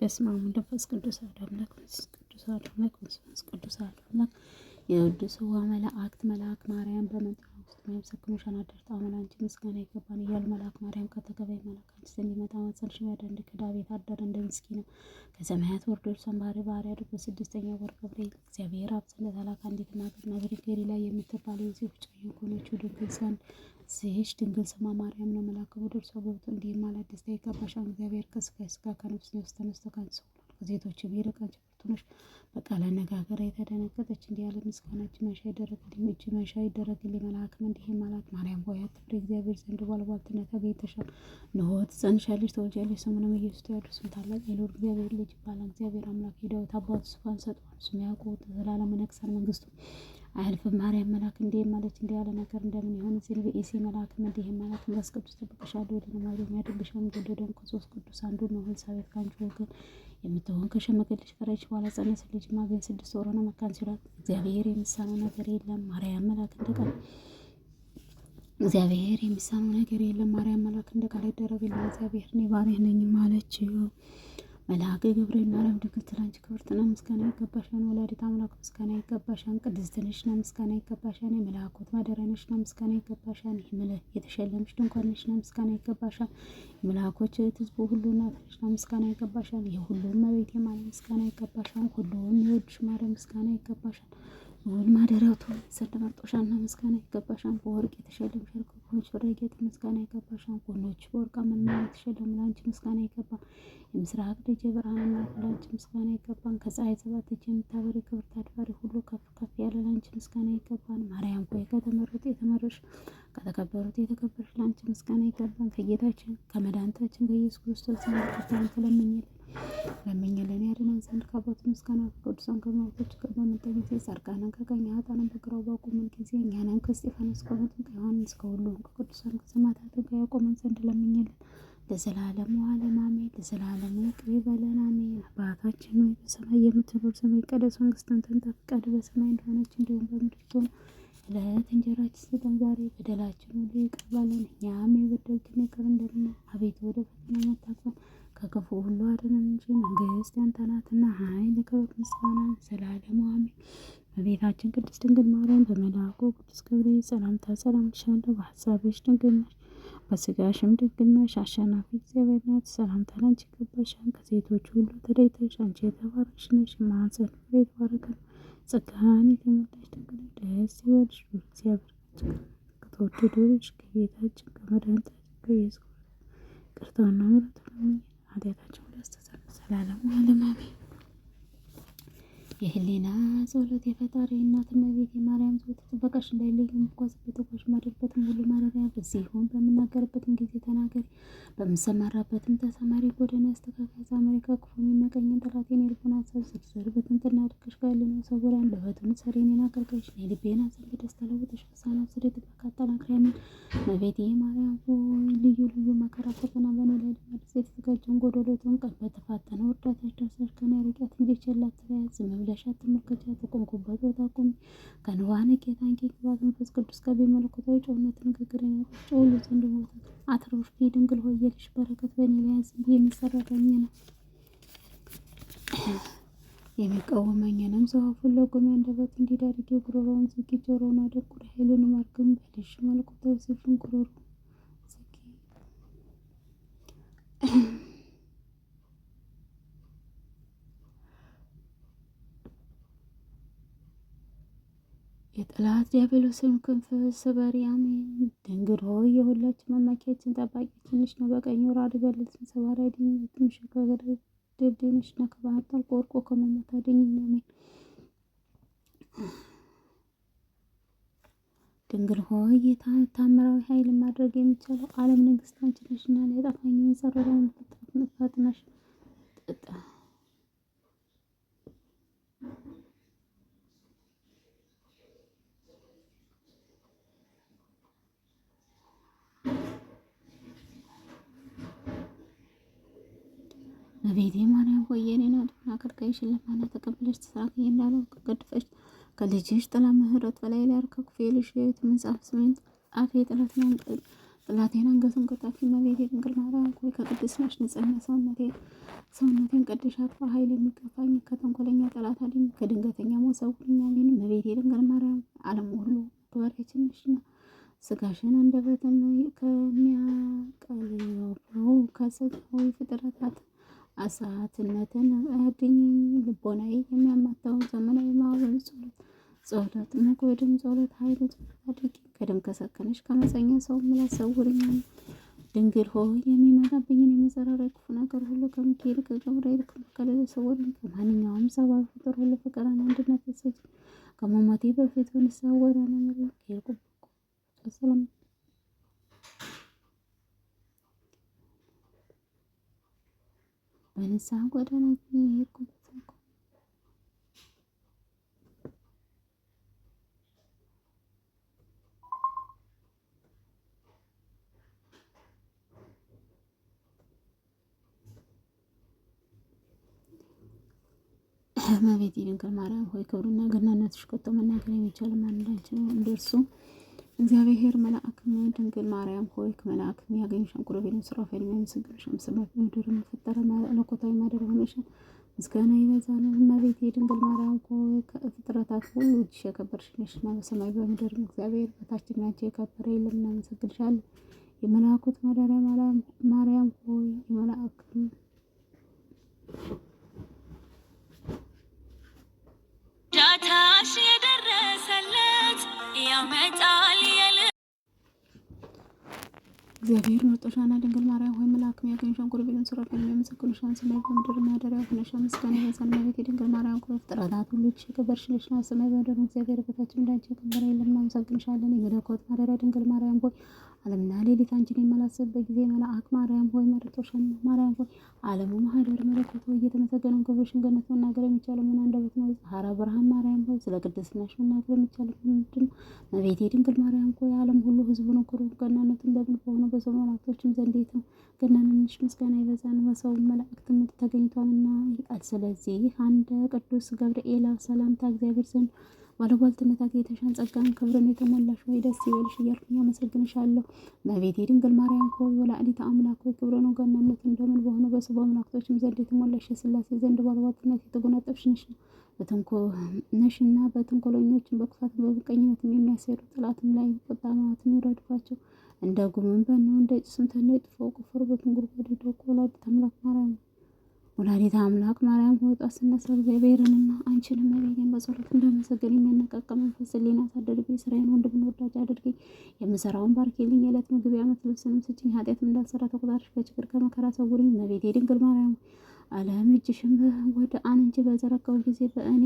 በስመ አብ ወመንፈስ ቅዱስ አሐዱ አምላክ መንፈስ ቅዱስ አሐዱ አምላክ መንፈስ ቅዱስ አሐዱ አምላክ የውድ መላእክት መልአክ ማርያም በመንጠራ ውስጥ የሚያመሰግኑሻን አደርታ አመላንቺ ምስጋና ይገባል እያሉ መልአክ ማርያም ከተገበይ መልአክ አንቺ መሰል ሽ ያደንድ ክዳ እንደ ምስኪን ነው ከሰማያት ወርዶ ሰንባሪ ባህሪ አድርጎ በስድስተኛ ወር ገብርኤል እግዚአብሔር አብ ዘንድ ተላከ። አንዲት እናት ገብርኤል ላይ የምትባል የዮሴፍ ጨው የሆነችው ድንግል ዘንድ ስሄሽ ድንግል ስማ ማርያም ነው መላከ ደርሶ ገብቶ እንዲህም አለ አዲስ ደቂቃ ባሻን እግዚአብሔር ከስጋ ስጋ ከነፍስ ነፍስ ተነስቶ ከአንቺ ሆኗል። ከሴቶች አንቺ በቃለ አነጋገር የተደነገጠች እንዲህ ያለ ምስጋናች መንሻ ይደረግልኝ፣ እጅ መንሻ ይደረግልኝ። መልአክም እንዲህም ማለት ማርያም ሆይ አትፍሪ፣ እግዚአብሔር ዘንድ ባልቧልትነት አግኝተሻል። እነሆ ትጸንሻለሽ፣ ትወልጃለሽ፣ ስሙንም ኢየሱስ ትያለሽ። ስም ታላቅ የሎር እግዚአብሔር ልጅ ይባላል። እግዚአብሔር አምላክ የዳዊት አባቱ ዙፋን ሰጠዋል። ስም ያዕቆብ ዘላለም ይነግሣል፣ መንግስቱ አያልፍም። ማርያም መልአክ እንዲህ ማለች እንዲህ ያለ ነገር እንደምን ይሆን ሲል ብኤሴ መልአክ እንዲህ ማለት መንፈስ ቅዱስ ጠብቅሻለሁ፣ ወደ ልማድ የሚያደርግሽ ወንጌል ደም ከሶስት ቅዱስ አንዱ ነው። ኤልሳቤጥ ከአንቺ ወገን የምትሆን ከሸመገለች ከረጅም በኋላ ጸነስ ልጅ ማግኘት ስድስት ወር ሆነ። መካን ሲሏት እግዚአብሔር የሚሳነው ነገር የለም። ማርያም መልአክ እንደቀር እግዚአብሔር የሚሳነው ነገር የለም። ማርያም መልአክ እንደቀር ይደረግልኝ፣ እግዚአብሔር እኔ ባሪያህ ነኝ ማለችው። መልአከ ገብርኤል ማርያም ድንግል አንቺ ክብርት ነሽ፣ ምስጋና ይገባሻል። ወላዲተ አምላክ ምስጋና ይገባሻል። ቅድስት ነሽ፣ ምስጋና ይገባሻል። የመላእክት ማደሪያ ነሽ፣ ምስጋና ይገባሻል። የተሸለምሽ ድንኳን ነሽ፣ ምስጋና ይገባሻል። የመላእክት ሕዝብ ሁሉ እናት ነሽ፣ ምስጋና ይገባሻል። የሁሉም እመቤቴ ማርያም ምስጋና ይገባሻል። ሁሉም የሚወድሽ ማርያም ምስጋና ይገባሻል። ውል ማደሪያውቶ ሰደ መርጦሻና ምስጋና ይገባሻል። በወርቅ የተሸለምሽ እርግቦች ፍረጌጥ ምስጋና ይገባሻል። ጎኖች በወርቃማ የተሸለሙ ለአንቺ ምስጋና ይገባል። የምስራቅ ደጅ ብርሃን እናት ላንቺ ምስጋና ይገባል። ከፀሐይ ሰባት እጅ የምታበሪ ክብርት አድባሪ ሁሉ ከፍ ከፍ ያለ ላንቺ ምስጋና ይገባል። ማርያም ሆይ ከተመረጡ የተመረሽ ከተከበሩት የተከበርሽ ላንቺ ምስጋና ይገባል። ከጌታችን ከመድኃኒታችን በኢየሱስ ክርስቶስ ይቅርታን ትለምኝልን ለመኝ ለኔ ያድነን ዘንድ ከአባቱ ምስጋና ቅዱሳን ከመላእክት ጋር በመጠየቅ ጻድቃንን ከቀኝ ኃጥአንን በግራው ባቆመን ጊዜ እኛንም ከእስጢፋኖስ ከሞቱም ከዮሐንስ ከሁሉም ከቅዱሳን ከሰማዕታትም ጋር ያቆመን ዘንድ ለምኝልን። ለዘላለሙ ዓለም አሜን። ለዘላለሙ ይቅር በለን አሜን። አባታችን ሆይ በሰማይ የምትኖር ስምህ ይቀደስ፣ መንግስትህ ትምጣ፣ ፈቃድህ በሰማይ እንደሆነች እንዲሁም በምድር ትሁን። የዕለት እንጀራችንን ስጠን ዛሬ፣ በደላችንን ይቅር በለን እኛም የበደሉንን ይቅር እንደምንል፣ አቤቱ ወደ ፈተና አታግባን ከክፉ ሁሉ አድነን እንጂ መንግስት ያንተ ናትና ኃይል፣ ክብር፣ ምስጋና ዘላለሙ አሜን። በቤታችን ቅድስት ድንግል ማርያም በመልአኩ ቅዱስ ገብርኤል ሰላምታ ሰላም እልሻለሁ። በሀሳብሽ ድንግል ነሽ፣ በስጋሽም ድንግል ነሽ። አሸናፊ እግዚአብሔር ናት። ሰላምታ ላንቺ ይገባሻል። ከሴቶች ሁሉ ተለይተሽ አንቺ የተባረክሽ ነሽ። የማኅፀንሽ ፍሬ የተባረከ ነው። ጸጋን የተሞላሽ ድንግል ደስ ይበልሽ፣ እግዚአብሔር ከተወደደች ከጌታችን ከመድኃኒታችን ከኢየሱስ ክርስቶስ ይቅርታና ምሕረት አደራቸው ለስተሰሩ ዘላለሙ አለማሚ የህሊና ጸሎት የፈጣሪ እናት እመቤት የማርያም ጸሎት ጥበቃሽ እንዳይለይ የምጓዝበት ጉዞ ማድረግበትም ሁሉ ማረፊያ በዚህ ይሁን። በምናገርበትም ጊዜ ተናገሪ፣ በምሰማራበትም ተሰማሪ። ጎደና አስተካካይ አሜሪካ ክፉ የሚመቀኝን ጠላቴን የልቦና ሀሳብ ዝርዝር በትንትና ድርቅሽ ጋር ሊኖ ሰውራን በበቱን ሰሬኔን አገልጋይሽ ልቤን ሀሳብ በደስታ ለውጥሽ ሳና ስደ ጥበቃ አጠናክሪያምን መቤት ማርያም የተዘጋጀውን ጎዶሎ ጭንቀት በተፋጠነ ውርደት ያደርሳል። ከኔ ርቀት እንጂ ችላ አትበያት፣ ዝም ብለሽ አትመልከቻ። ተቆምኩበት ቦታ ቁሚ። ከንዋነ ጌታንኪ ግባት መንፈስ ቅዱስ ገቢ መለኮታዊ ጨውነት ንግግር ይኖራል። ጨው ዘንድ ቦታ አትረፍፊ ድንግል ሆይ የልጅሽ በረከት በእኔ ላይ የሚሰራተኝ ነው የሚቃወመኝንም ሰው አፉን ለጎሜ አንደበት እንዲዳርጌ ጉሮሮውን ዝጊ፣ ጆሮውን አደቁር፣ ኃይሉን ማርግም በልሽ መለኮታዊ ሴፍን ጉሮሮ የጠላት ዲያብሎስን ክንፍ ስበሪ፣ አሜን። ድንግል ሆይ የሁላችን መመኪያችን ጠባቂያችን ነው። በቀኝ ወራድ በልትን ሰባሪ ድኝ ትንሽ ከገደ ድድንሽ ነው። ቆርቆ ከመሞት አድኝ ነው። አሜን ድንግል ሆይ ታምራዊ ኃይል ማድረግ የሚቻለው ዓለም ንግሥት አንቺ ነሽና የጠፋኝን ጸረራውን ጥጣ በቤቴ ማርያም ሆይ የኔን አጥፍን አገልጋይሽን ልመና ተቀብለሽ ትስራት እንዳለው ገድፈሽ ከልጅሽ ጥላ ምህረት በላይ ላይ ያርከ ክፍልሽ የቤት መጽሐፍ ስሜን አፌ ጥላት ነው ጥላቴን አንገቱን ቀጣፊ መቤቴ ድንግል ማርያም ሆይ ነሽ ንጽህና ሰውነቴ ሰውነቴን ቀድሻት በኃይል የሚገፋኝ ከተንኮለኛ ጠላት አድኝ ከድንገተኛ ሞት ሰውርኝ መቤቴ ድንግል ማርያም ዓለም ሁሉ ተወረችን ነሽና ስጋሽን አንደበትን ከሚያቀልበው ከስጋዊ ፍጥረታት አሳትነትን አድኝ ልቦናዬ የሚያማታው ዘመናዊ ማህበረሰብ ጸሎት ንቁ የደም ጸሎት ኃይል አድርጊ ከደም ከሰከነሽ ከመፀኛ ሰው ምላስ ሰውርኛል። ድንግል ሆይ የሚመጣብኝን የመዘራሪያ ክፉ ነገር ሁሉ ከሚካኤል ከገብርኤል ከመከለሉ ሰውርኝ። ከማንኛውም ሰብአዊ ፍጡር ሁሉ ፍቅርን አንድነት ስጅ ከመሞቴ በፊት ብንሰወር ያለምር ሄልቁ ሰላም በንስሐ ጎዳና ሄድኩ እመቤቴ ድንግል ማርያም ሆይ ክብሩና ገናነትሽ ከቶ መናገር የሚቻል ማን ነው። እንደርሱ እግዚአብሔር መልአክ ድንግል ማርያም ሆይ መልአክ ያገኝሻን ቁረቤልን ሱራፌል የሚያመሰግንሽን ስበት ምድርን የፈጠረ መለኮታዊ ማደሪያ ሆነሻል። ምስጋና ይበዛል። እመቤቴ ድንግል ማርያም ሆይ ከፍጥረታት ሁሉ እጅሽ የከበርሽ ነሽና በሰማይ በምድር እግዚአብሔር በታችና አንቺ የከበረ የለም። እናመሰግንሻለን። የመላእክት ማደሪያ ማርያም ሆይ የመላእክት ውለታሽ የደረሰለት ያመጣል የለ እግዚአብሔር ምርጦሻና ድንግል ማርያም ሆይ መልአክ ያገኝሻን ኮርቤልን ሱራፌል የሚያመሰግኑሻን ስመይ በምድር ማደሪያ ሆነሻ ምስጋና ይበዛል። እመቤቴ ድንግል ማርያም ክብር ፍጥረታት ሁሉ የከበርሽ ልጅ ነሽ። በምድር እግዚአብሔር በታችን እንዳንቺ የከበረ የለም። እናመሰግንሻለን። የመለኮት ማደሪያ ድንግል ማርያም ሆይ ዓለምና ሌሊት አንቺን የማላስብበት ጊዜ መልአክ ማርያም ሆይ መርጦሻል። ማርያም ሆይ ዓለሙ ማህደር መለኮት ሆይ እየተመሰገነን ክብርሽን ገነት መናገር የሚቻለው ምን አንደበት ነው? ጸሐረ ብርሃን ማርያም ሆይ ስለ ቅድስናሽ መናገር የሚቻለው ምንድን ነው? እመቤቴ ድንግል ማርያም ሆይ ዓለም ሁሉ ህዝቡን ኩሩ ገናነት እንደምን በሆነ በሰው ዘንዴት ነው የትም ገናንንሽ ምስጋና ይበዛን በሰው መላእክት ምድ ተገኝቷልና። ስለዚህ አንድ ቅዱስ ገብርኤል ሰላምታ እግዚአብሔር ዘንድ ባለቧልትነት አግኝተሻን ጸጋን ክብርን የተሞላሽ ወይ ደስ ይበልሽ እያልኩኝ አመሰግንሻለሁ። መቤቴ ድንግል ማርያም ሆይ ወላዲተ አምላክ ሆይ ክብርን ገናነት እንደምን በሆኑ በሰብ አምላክቶችም ዘንድ የተሞላሽ የስላሴ ዘንድ ባለቧልትነት የተጎናጠፍሽ ነሽ ነሽና በተንኮለኞችን በክፋት በብቀኝነትም የሚያሰሩ ጥላትም ላይ ቁጣማትም ይረድፋቸው እንደ ጉምም በነው እንደ ጭስም ተነጥፎ ቁፍር በትንጉርጓድ ደቆ ወላዲተ አምላክ ማርያም ወላዲተ አምላክ ማርያም ሆይ ጧት ስነሳ እግዚአብሔርንና አንቺን እመቤቴን በጸሎት እንዳመሰገን የሚያነቃቃ መንፈስ ሕሊና አሳድርብኝ። ስራዬን ወንድምን ወዳጅ አድርገኝ። የምሰራውን ባርኬልኝ። የዕለት ምግብ ያመት ልብስንም ስጭኝ። ኃጢአት እንዳልሰራ ተቆጣሪሽ፣ ከችግር ከመከራ ሰውርኝ። እመቤቴ ድንግል ማርያም አለም እጅሽን ወደ አንቺ በዘረጋው ጊዜ በእኔ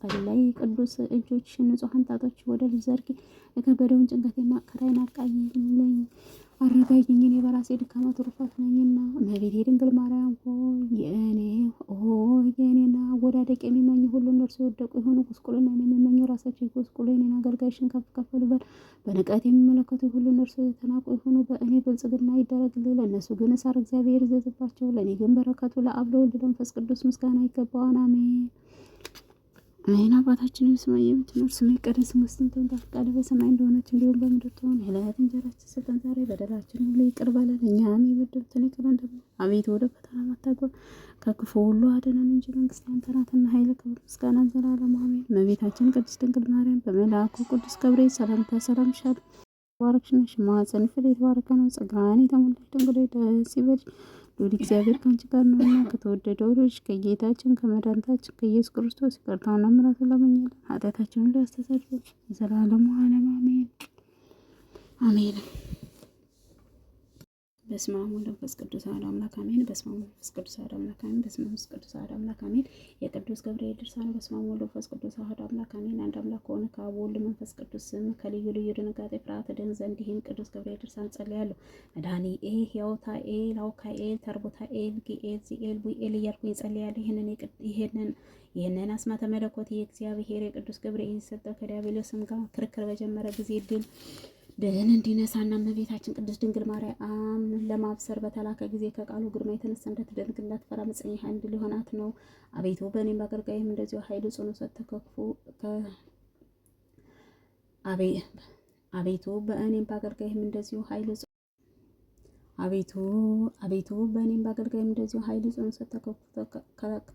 ጸላይ ቅዱስ እጆችሽን ንጹሐን ጣቶች ወደ ልጅ ዘርጊ የከበደውን ጭንቀቴን ማከራይን አቃይልኝ። አረጋጊኝ እኔ በራሴ ድካማ ትሩፋት ነኝና፣ እመቤቴ ድንግል ማርያም ሆይ የእኔ ሆይ የእኔና ወዳደቅ የሚመኝ ሁሉ እነርሱ የወደቁ የሆኑ ጉስቁልና የሚመኙ ራሳቸው ይጎስቁሉ። የኔን አገልጋይሽን ከፍ ከፍ ልበል። በንቀት የሚመለከቱ ሁሉ እነርሱ የተናቁ የሆኑ በእኔ ብልጽግና ይደረግልኝ። ለእነሱ ግን ሳር እግዚአብሔር ይዘዝባቸው፣ ለእኔ ግን በረከቱ ለአብ ለወልድ ለመንፈስ ቅዱስ ምስጋና ይገባዋል። አሜን። ምን አባታችንን ስማ የምትኖር ስሜ ቀደም ስመስትን ተንታ ፈቃደ በሰማይ እንደሆነች እንዲሁም በምድር ትሆን የዕለት እንጀራችን ስጠን ዛሬ፣ በደላችን ሁሉ ይቅር በለን እኛም የበደሉትን ይቅር እንደምን፣ አቤት ወደ ፈተና አታግባን ከክፉ ሁሉ አድነን እንጂ መንግስት ያንተ ናትና ኃይል፣ ክብር፣ ምስጋና ዘላለም አሜን። እመቤታችን ቅድስት ድንግል ማርያም በመልአኩ ቅዱስ ገብርኤል ሰላምታ ሰላምሻል። ተባረክሽ ነሽ፣ ማኅፀንሽ ፍሬ የተባረከ ነው። ጸጋን የተሞላሽ ድንግል ደስ ይበልሽ ይሁን እግዚአብሔር ከአንቺ ጋር ነውና ከተወደደው ልጅ ከጌታችን ከመድኃኒታችን ከኢየሱስ ክርስቶስ ይቅርታውና ምሕረቱን ለምኝልን ኃጢአታችንን ሊያስተሰርይ ዘላለሙ ዓለም አሜን አሜን። በስመ አብ ወወልድ ወመንፈስ ቅዱስ አሐዱ አምላክ አሜን። በስመ አብ ወመንፈስ ቅዱስ አሐዱ አምላክ አሜን። በስመ አብ ወመንፈስ ቅዱስ አሐዱ አምላክ አሜን። የቅዱስ ገብርኤል ድርሳን። በስመ አብ ወወልድ ወመንፈስ ቅዱስ አሐዱ አምላክ አሜን። አንድ አምላክ ከሆነ ከአብ ወልድ መንፈስ ቅዱስ ስም ከልዩ ልዩ ድንጋጤ ፍርሃት ድን ዘንድ ይህን ቅዱስ ገብርኤል ድርሳን ጸልያለሁ። መድኃኒኤ ኤል ላውካኤል ኤል ጊኤል ዚኤል ዊኤል እያልኩኝ ጸልያለሁ። ይህንን ይህንን ይህንን አስማተ መለኮት የእግዚአብሔር የቅዱስ ገብርኤል የሰጠው ከዲያብሎስም ጋር ክርክር በጀመረ ጊዜ ድል ድልን እንዲነሳና እመቤታችን ቅድስት ድንግል ማርያም ለማብሰር በተላከ ጊዜ ከቃሉ ግርማ የተነሳ እንዳትደንቅ እንዳትፈራ መጽኝ ኃይል ሊሆናት ነው። አቤቱ በእኔም በአገልጋይም እንደዚሁ ሀይል ጽኑ ሰጥተህ ከክፉ አቤቱ በእኔም በአገልጋይም እንደዚሁ ሀይል አቤቱ አቤቱ በእኔም በአገልጋይም እንደዚሁ ኃይል ጽኑ ሰጥተህ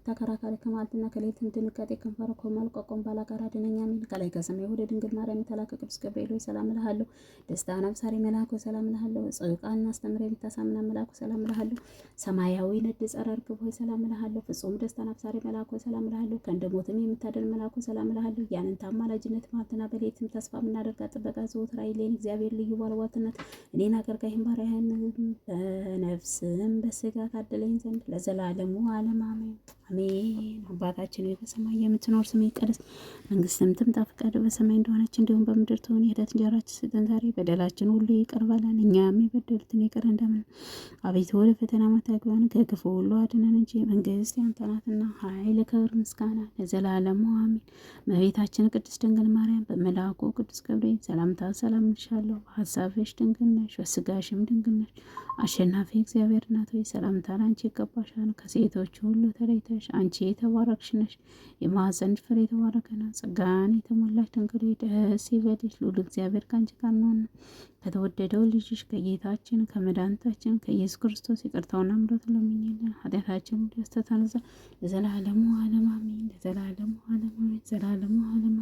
ተከራካሪ ከመዓልትና ከሌሊትም ድንጋጤ ከንፈር ከማልቋቋም ባላጋራ አድነኝ አሜን። ከላይ ከሰማይ ወደ ድንግል ማርያም የተላከ ቅዱስ ገብርኤል ሆይ ሰላም እልሃለሁ። ደስታ አብሳሪ መልአክ ሆይ ሰላም እልሃለሁ። ጽድቅን አስተምር የምታሳምና መልአክ ሆይ ሰላም እልሃለሁ። ሰማያዊ ነድ ጸረ ርግብ ሆይ ሰላም እልሃለሁ። ፍጹም ደስታ አብሳሪ መልአክ ሆይ ሰላም እልሃለሁ። ከእንደ ሞትም የምታድን መልአክ ሆይ ሰላም እልሃለሁ። ያንን ታማላጅነት ማለትና በሌሊትም ተስፋ የምናደርጋ ጥበቃ ዘወትር ኃይሌን እግዚአብሔር ልዩ ባለዋልትነት እኔን አገልጋይህን ባሪያህን በነፍስም በስጋ ካደለኝ ዘንድ ለዘላለሙ ዓለም አሜን አሜን። አባታችን በሰማይ የምትኖር ስምህ ይቀደስ፣ መንግስትም ትምጣ፣ ፈቃድህ በሰማይ እንደሆነች እንዲሁም በምድር ትሆን። የዕለት እንጀራችንን ስጠን ዛሬ፣ በደላችን ሁሉ ይቅር በለን እኛም የበደሉትን ይቅር እንደምን። አቤቱ ወደ ፈተና አታግባን፣ ከክፉ ሁሉ አድነን እንጂ መንግስት ያንተ ናትና ኃይል፣ ክብር፣ ምስጋና ለዘላለሙ አሜን። መቤታችን ቅድስት ድንግል ማርያም በመልአኩ ቅዱስ ገብርኤል ሰላምታ ሰላም እንልሻለሁ። በሀሳብሽ ድንግል ነሽ፣ በስጋሽም ድንግል ነሽ። አሸናፊ እግዚአብሔር እናት ሆይ ሰላምታ ለአንቺ ይገባሻል። ከሴቶች ሁሉ ተለይተሽ አንቺ የተባረክሽ ነሽ። የማኅፀን ፍሬ የተባረከ ነው። ጸጋን የተሞላሽ ድንግል ደስ ይበልሽ፣ ልዑል እግዚአብሔር ከአንቺ ጋር ነውና ከተወደደው ልጅሽ ከጌታችን ከመድኃኒታችን ከኢየሱስ ክርስቶስ ይቅርታውን አምሮት ለምኝልን ኃጢአታችን ሁሉ ያስተሰርይ ለዘላለሙ ዓለም አሜን። ለዘላለሙ ዓለም አሜን። ዘላለሙ ዓለም አሜን።